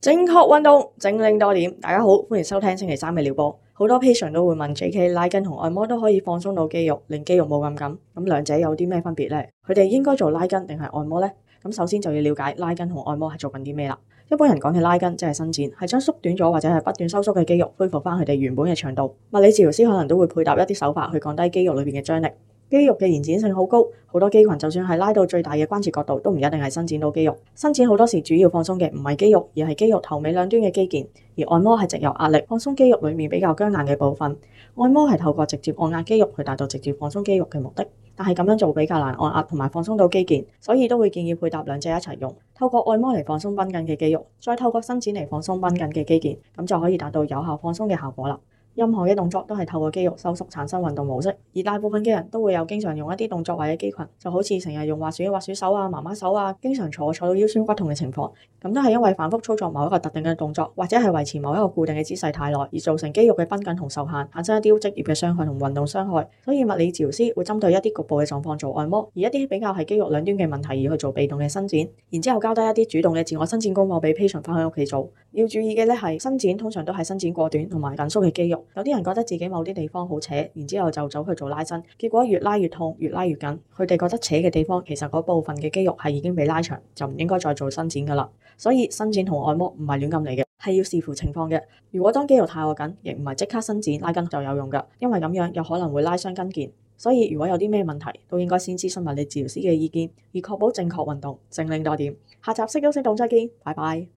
正確運動整領多點，大家好，歡迎收聽星期三嘅療播。好多 patient 都會問 J.K. 拉筋同按摩都可以放鬆到肌肉，令肌肉冇咁緊。咁兩者有啲咩分別呢？佢哋應該做拉筋定係按摩呢？咁首先就要了解拉筋同按摩係做緊啲咩啦。一般人講嘅拉筋即係伸展，係將縮短咗或者係不斷收縮嘅肌肉恢復返佢哋原本嘅長度。物理治療師可能都會配搭一啲手法去降低肌肉裏面嘅張力。肌肉嘅延展性好高，好多肌群就算係拉到最大嘅關節角度，都唔一定係伸展到肌肉。伸展好多時候主要放鬆嘅唔係肌肉，而係肌肉頭尾兩端嘅肌腱。而按摩係藉由壓力放鬆肌肉裏面比較僵硬嘅部分。按摩係透過直接按壓肌肉去達到直接放鬆肌肉嘅目的，但係咁樣做比較難按壓同埋放鬆到肌腱，所以都會建議配搭兩者一齊用。透過按摩嚟放鬆繃緊嘅肌肉，再透過伸展嚟放鬆繃緊嘅肌腱，咁就可以達到有效放鬆嘅效果啦。任何嘅動作都係透過肌肉收縮產生運動模式，而大部分嘅人都會有經常用一啲動作或者肌群，就好似成日用滑鼠、滑鼠手啊、媽媽手啊，經常坐坐到腰酸骨痛嘅情況，咁都係因為反覆操作某一個特定嘅動作，或者係維持某一個固定嘅姿勢太耐而造成肌肉嘅繃緊同受限，產生一啲職業嘅傷害同運動傷害。所以物理治療師會針對一啲局部嘅狀況做按摩，而一啲比較係肌肉兩端嘅問題而去做被動嘅伸展，然之後交低一啲主動嘅自我伸展功課俾 patient 翻去屋企做。要注意嘅呢係伸展通常都係伸展過短同埋緊縮嘅肌肉。有啲人覺得自己某啲地方好扯，然之後就走去做拉伸，結果越拉越痛，越拉越緊。佢哋覺得扯嘅地方其實嗰部分嘅肌肉係已經被拉長，就唔應該再做伸展㗎啦。所以伸展同按摩唔係亂咁嚟嘅，係要視乎情況嘅。如果當肌肉太攰緊，亦唔係即刻伸展拉筋就有用㗎，因為咁樣有可能會拉傷筋腱。所以如果有啲咩問題，都應該先諮詢物理治療師嘅意見，以確保正確運動。正令多點，下集識郁適動，再見，拜拜。